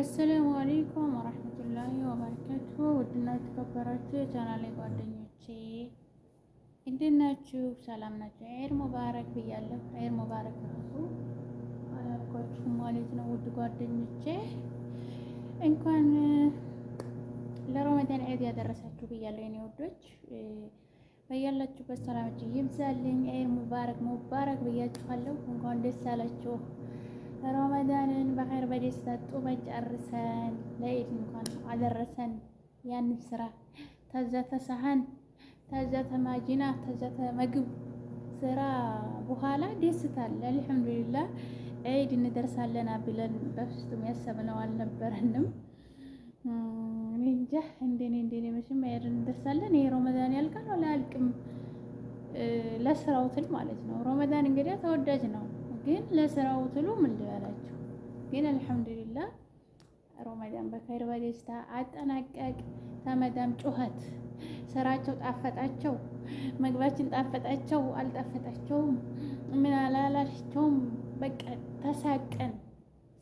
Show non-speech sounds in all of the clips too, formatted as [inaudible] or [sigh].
አሰላሙ አሌይኩም ወረህመቱላሂ ወበረካቱ። ውድና የተከበራችሁ የቻናሌ ጓደኞቼ እንዴት ናችሁ? ሰላም ናችሁ? ዒድ ሙባረክ ብያለሁ። ዒድ ሙባረክ ራሱ አላልኳችሁም ማለት ነው። ውድ ጓደኞቼ እንኳን ለረመዳን ዒድ ያደረሳችሁ ብያለሁ። የኔ ውዶች በያላችሁበት ሰላማችሁ ይብዛልኝ። ዒድ ሙባረክ ሙባረክ ብያችኋለሁ። እንኳን ደስ አላችሁ። ረመዳንን በኸይር በደስታ ጡመን ጨርሰን ለኢድ እንኳን አደረሰን። ያንን ስራ ተዘተ ሰሀን ተዘተ ማጂና ተዘተ ምግብ ስራ በኋላ ደስታል። አልሐምዱሊላህ ኢድ እንደርሳለን ብለን በፍጹም ያሰብነው አልነበረንም። እንጃ እንደኔ እንደኔ መቼም ኢድ እንደርሳለን። ይሄ ረመዳን ያልቃል አላልቅም ለስራውትን ማለት ነው። ረመዳን እንግዲያ ተወዳጅ ነው። ግን ለስራው ትሉ ምን ልበላችሁ። ግን አልሐምዱሊላ ሮማዳን በከይር በደስታ አጠናቀቅ። ከመዳም ጩኸት ስራቸው ጣፈጣቸው፣ ምግባችን ጣፈጣቸው፣ አልጣፈጣቸውም፣ ምን አላላቸውም። በቃ ተሳቀን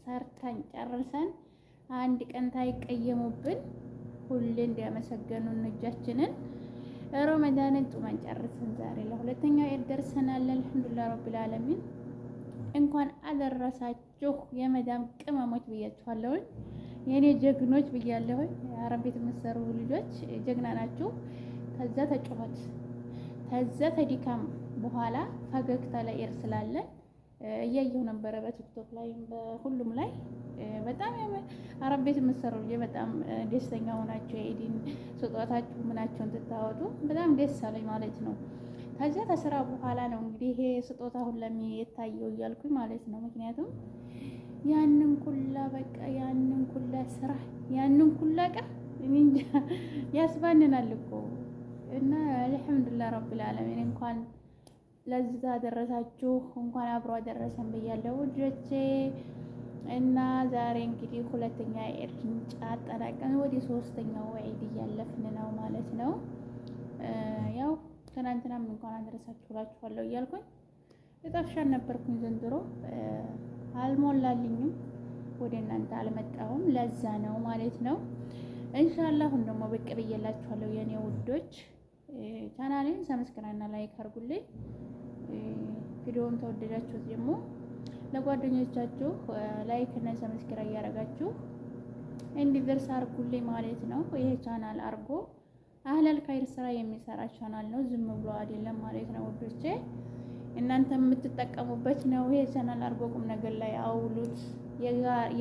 ሰርተን ጨርሰን አንድ ቀን ታይቀየሙብን ሁሌ እንዲያመሰገኑን እጃችንን ረመዳንን ጡመን ጨርሰን ዛሬ ለሁለተኛው ኤድ ደርሰናል። አልሐምዱሊላህ ረቢል ዓለሚን እንኳን አደረሳችሁ የመዳም ቅመሞች ብያችኋለሁኝ። የእኔ ጀግኖች ብያለሁኝ። አረብ ቤት የምትሰሩ ልጆች ጀግና ናችሁ። ከዛ ተጩኸት ከዛ ተዲካም በኋላ ፈገግታ ላይ ኤር ስላለን እያየሁ ነበረ በቲክቶክ ላይ በሁሉም ላይ በጣም አረብ ቤት የምትሰሩ ልጆች በጣም ደስተኛ ሆናችሁ ስጦታችሁ ምናቸውን ትታወጡ በጣም ደስ አለኝ ማለት ነው። ከዚያ ከስራ በኋላ ነው እንግዲህ ይሄ ስጦታ ሁለም የታየው እያልኩኝ ማለት ነው። ምክንያቱም ያንን ኩላ በቃ ያንን ኩላ ስራ ያንን ኩላ ቃ [laughs] ያስባንናል እኮ እና አልሐምዱሊላህ ረብል ዓለሚን እንኳን ለዛ ደረሳችሁ፣ እንኳን አብሮ አደረሰን ብያለሁ ውዶቼ። እና ዛሬ እንግዲህ ሁለተኛ ዒድ አጠናቀን ወደ ሶስተኛው ዒድ እያለፍን ነው ማለት ነው። ትናንትናም እንኳን አደረሳችሁ እላችኋለሁ እያልኩኝ የጠፍሻን ነበርኩኝ። ዘንድሮ አልሞላልኝም፣ ወደ እናንተ አልመጣሁም። ለዛ ነው ማለት ነው። እንሻላ አሁን ደግሞ ብቅ ብዬላችኋለሁ የእኔ ውዶች። ቻናሌን ሰብስክራይብና ላይክ አድርጉልኝ። ቪዲዮውን ተወደዳችሁት ደግሞ ለጓደኞቻችሁ ላይክ እና ሰብስክራይብ እያደረጋችሁ እንዲደርስ አድርጉልኝ ማለት ነው። ይሄ ቻናል አድርጎ አህለል ኸይር ስራ የሚሰራ ቻናል ነው። ዝም ብሎ አይደለም ማለት ነው ውዶቼ፣ እናንተ የምትጠቀሙበት ነው። ይሄ ቻናል አርጎ ቁም ነገር ላይ አውሉት።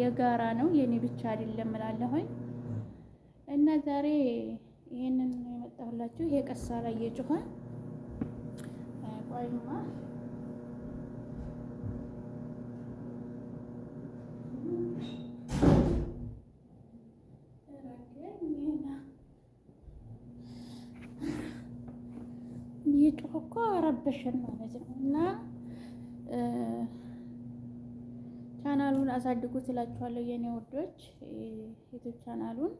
የጋራ ነው የኔ ብቻ አይደለም እላለሁኝ። እና ዛሬ ይሄንን የመጣሁላችሁ ይሄ ቀሳ ላይ የጮኸ ቆይማ ጩኸ እኮ አረበሸን ማለት ነው። እና ቻናሉን አሳድጉ ስላችኋለሁ የኔ ውዶች። ዩቱብ ቻናሉን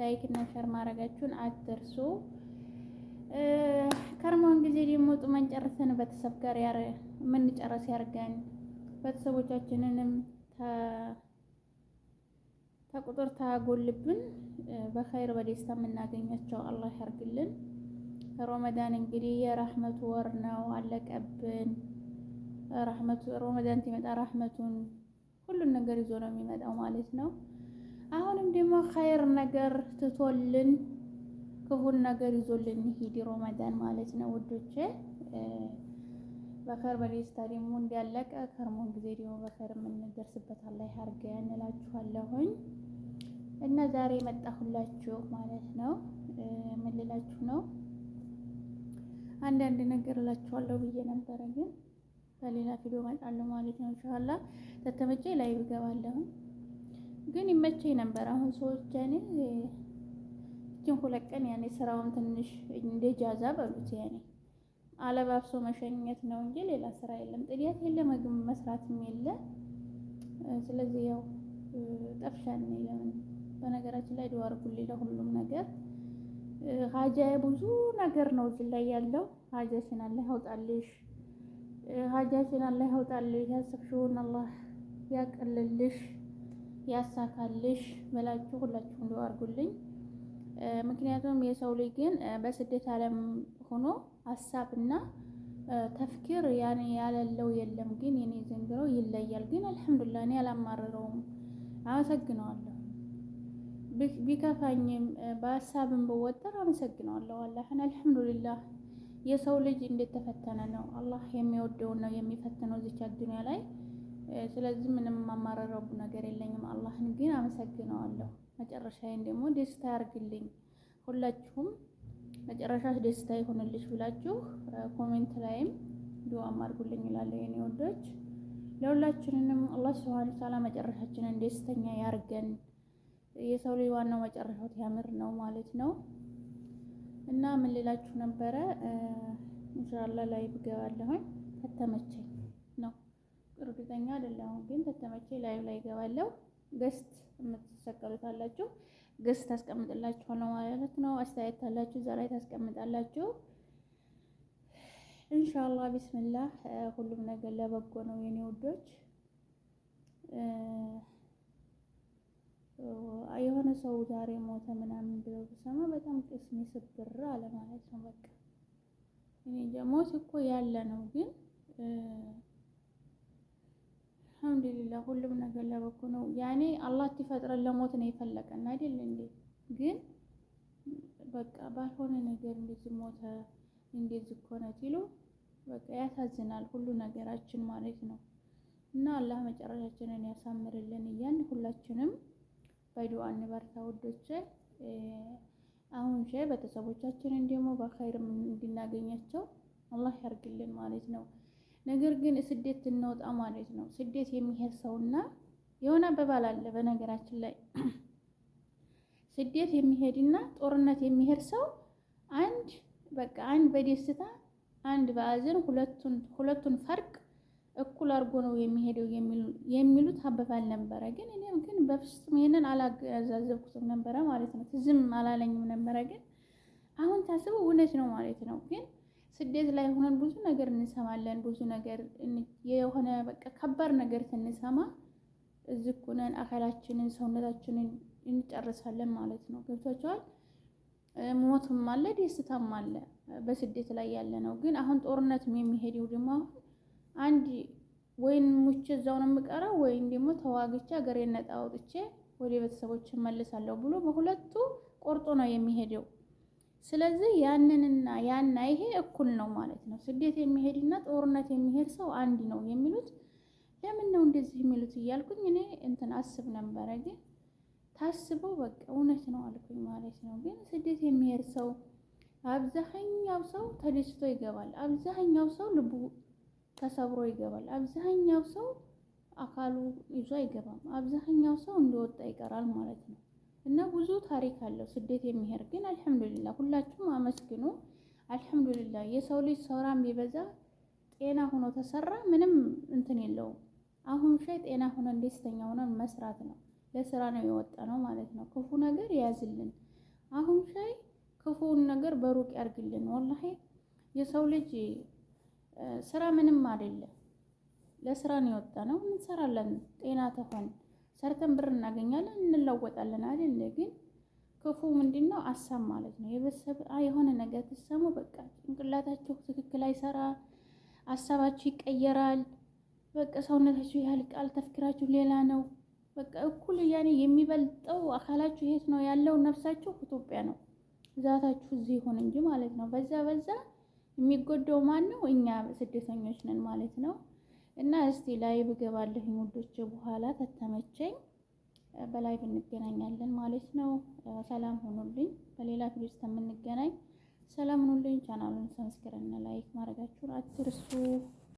ላይክ እና ሸር ማድረጋችሁን አትርሱ። ከርማውን ጊዜ ደግሞ ጡመን ጨርሰን ቤተሰብ ጋር የምንጨረስ ያርጋን። ቤተሰቦቻችንንም ተቁጥር ታጎልብን በኸይር በደስታ የምናገኛቸው አላህ ያርግልን። ሮመዳን እንግዲህ የራህመቱ ወር ነው። አለቀብን። ራህመቱ ሮመዳን ሲመጣ ራህመቱን ሁሉን ነገር ይዞ ነው የሚመጣው ማለት ነው። አሁንም ደግሞ ኸይር ነገር ትቶልን ክፉን ነገር ይዞልን ይሂድ ሮመዳን ማለት ነው ውዶቼ። በከርበሌ ስታዲየሙ እንዲያለቀ ከርሞን ጊዜ ደግሞ በከር የምንደርስበት አላህ ያርገን እንላችኋለሁኝ። እና ዛሬ መጣሁላችሁ ማለት ነው። ምን ልላችሁ ነው? አንዳንድ ነገር እላችኋለሁ ብዬ ነበረ፣ ግን በሌላ ቪዲዮ እመጣለሁ ማለት ነው። እንሻላ ተተመቼ ላይ ብገባለሁ፣ ግን ይመቸኝ ነበር። አሁን ሰዎች ያኔ ይችን ሁለት ቀን ያኔ ስራውን ትንሽ እንደ ጃዛ በሉት ያኔ አለባብሶ መሸኘት ነው እንጂ ሌላ ስራ የለም። ጥዲያት የለ ምግብ መስራትም የለ። ስለዚህ ያው ጠፍሻን ለምን በነገራችን ላይ ድዋር ጉሌ ለሁሉም ነገር ሀጃ ብዙ ነገር ነው እዚህ ላይ ያለው። ሀጃሽን አላህ ያውጣልሽ፣ ሀጃሽን አላህ ያውጣልሽ፣ ያሰብሽውን አላህ ያቀልልሽ፣ ያሳካልሽ በላችሁ ሁላችሁ ዱአ አድርጉልኝ። ምክንያቱም የሰው ልጅ ግን በስደት ዓለም ሆኖ ሀሳብና ተፍኪር ያኔ ያለለው የለም። ግን የኔ ዘንድሮ ይለያል። ግን አልሐምዱሊላህ እኔ አላማረረውም፣ አመሰግነዋለሁ። ቢከፋኝም በሀሳብም ብወጠር አመሰግነዋለሁ አላህን። አልሐምዱሊላህ የሰው ልጅ እንደተፈተነ ነው። አላህ የሚወደውን ነው የሚፈትነው እዚች አዱኒያ ላይ። ስለዚህ ምንም የማማረረው ነገር የለኝም። አላህን ግን አመሰግነዋለሁ። መጨረሻዬን ደግሞ ደስታ ያርግልኝ። ሁላችሁም መጨረሻ ደስታ ይሆንልሽ ብላችሁ ኮሜንት ላይም ዱዓም አድርጉልኝ እላለሁ የኔ ወዶች። ለሁላችንንም አላህ ሱብሃነሁ ወተዓላ መጨረሻችንን ደስተኛ ያርገን። የሰው ልጅ ዋናው መጨረሻው ያምር ነው ማለት ነው። እና ምን ልላችሁ ነበረ ኢንሻአላህ ላይ ብገባለሁኝ ከተመቸኝ ነው እርግጠኛ አይደለሁም፣ ግን ከተመቸኝ ላይ ላይ ገባለሁ ገስት የምትሰቀሉት አላችሁ፣ ገስት ታስቀምጥላችኋለሁ ማለት ነው። አስተያየት አላችሁ፣ እዛ ላይ ታስቀምጣላችሁ። ኢንሻአላህ ቢስሚላህ፣ ሁሉም ነገር ለበጎ ነው የኔ ውዶች። የሆነ ሰው ዛሬ ሞተ ምናምን ብለው ብሰማ በጣም ቅስሜ ስብር አለ ማለት ነው። በቃ እኔ ሞት እኮ ያለ ነው፣ ግን አልሐምዱሊላ ሁሉም ነገር ለበጎ ነው። ያኔ አላህ ትፈጥረን ለሞት ነው የፈለቀን አይደል እንዴ? ግን በቃ ባልሆነ ነገር እንደዚህ ሞተ እንደዚህ ኮነ ሲሉ በቃ ያሳዝናል ሁሉ ነገራችን ማለት ነው። እና አላህ መጨረሻችንን ያሳምርልን እያን ሁላችንም በዱዓ እንበርታ ውዶቼ። አሁን ሼ ቤተሰቦቻችንን ደግሞ በኸይር እንድናገኛቸው አላህ ያርግልን ማለት ነው። ነገር ግን ስደት እንወጣ ማለት ነው። ስደት የሚሄድ ሰውና የሆነ አባባል አለ በነገራችን ላይ ስደት የሚሄድና ጦርነት የሚሄድ ሰው አንድ በቃ አንድ በደስታ አንድ በአዘን ሁለቱን ሁለቱን ፈርቅ እኩል አድርጎ ነው የሚሄደው የሚሉት አበባል ነበረ። ግን እኔም ግን በፍጹም ይሄንን አላገዛዘብኩትም ነበረ ማለት ነው። ትዝም አላለኝም ነበረ። ግን አሁን ታስበው እውነት ነው ማለት ነው። ግን ስደት ላይ ሆነን ብዙ ነገር እንሰማለን። ብዙ ነገር የሆነ በቃ ከባድ ነገር ስንሰማ እዚህ ሆነን አካላችንን ሰውነታችንን እንጨርሳለን ማለት ነው። ገብቷቸዋል። ሞትም አለ ደስታም አለ በስደት ላይ ያለ ነው። ግን አሁን ጦርነትም የሚሄደው ደግሞ አሁን አንድ ወይን ሙች እዛው ነው የምቀረው ወይም ደግሞ ተዋግቼ ሀገሬን ነፃ አውጥቼ ወደ ቤተሰቦች መልሳለሁ ብሎ በሁለቱ ቆርጦ ነው የሚሄደው። ስለዚህ ያንንና ያና ይሄ እኩል ነው ማለት ነው። ስደት የሚሄድና ጦርነት የሚሄድ ሰው አንድ ነው የሚሉት ለምን ነው እንደዚህ የሚሉት እያልኩኝ እኔ እንትን አስብ ነበረ። ግን ታስበው በቃ እውነት ነው አልኩኝ ማለት ነው። ግን ስደት የሚሄድ ሰው አብዛኛው ሰው ተደስቶ ይገባል። አብዛኛው ሰው ልቡ ተሰብሮ ይገባል። አብዛኛው ሰው አካሉ ይዞ አይገባም። አብዛኛው ሰው እንደወጣ ይቀራል ማለት ነው። እና ብዙ ታሪክ አለው ስደት የሚሄድ ግን አልሐምዱሊላ ሁላችሁም አመስግኑ። አልሐምዱሊላ የሰው ልጅ ሰውራም ቢበዛ ጤና ሆኖ ተሰራ ምንም እንትን የለውም። አሁን ሻይ ጤና ሆኖ ደስተኛ ሆኖ መስራት ነው። ለስራ ነው የወጣ ነው ማለት ነው። ክፉ ነገር ያዝልን። አሁን ሻይ ክፉን ነገር በሩቅ ያርግልን። ወላሂ የሰው ልጅ ስራ ምንም አይደለም። ለስራ ነው የወጣ ነው እንሰራለን። ጤና ተሆን ሰርተን ብር እናገኛለን፣ እንለወጣለን አይደል? ግን ክፉ ምንድነው አሳብ ማለት ነው። የበሰብ የሆነ ነገር ትሰሙ፣ በቃ ጭንቅላታችሁ ትክክል አይሰራ፣ አሳባችሁ ይቀየራል። በቃ ሰውነታችሁ ያልቃል፣ ተፍክራችሁ ሌላ ነው። በቃ እኩል ያኔ የሚበልጠው አካላችሁ የት ነው ያለው? ነፍሳችሁ ኢትዮጵያ ነው። ዛታችሁ እዚህ ይሁን እንጂ ማለት ነው በዛ በዛ የሚጎደው ማን ነው? እኛ ስደተኞች ነን ማለት ነው። እና እስቲ ላይቭ እገባለሁ ውዶቼ፣ በኋላ ከተመቸኝ በላይቭ እንገናኛለን ማለት ነው። ሰላም ሁኑልኝ። በሌላ ቪዲዮ እስከምንገናኝ ሰላም ሁኑልኝ። ቻናሉን ሰብስክራይብ እና ላይክ ማድረጋችሁን አትርሱ።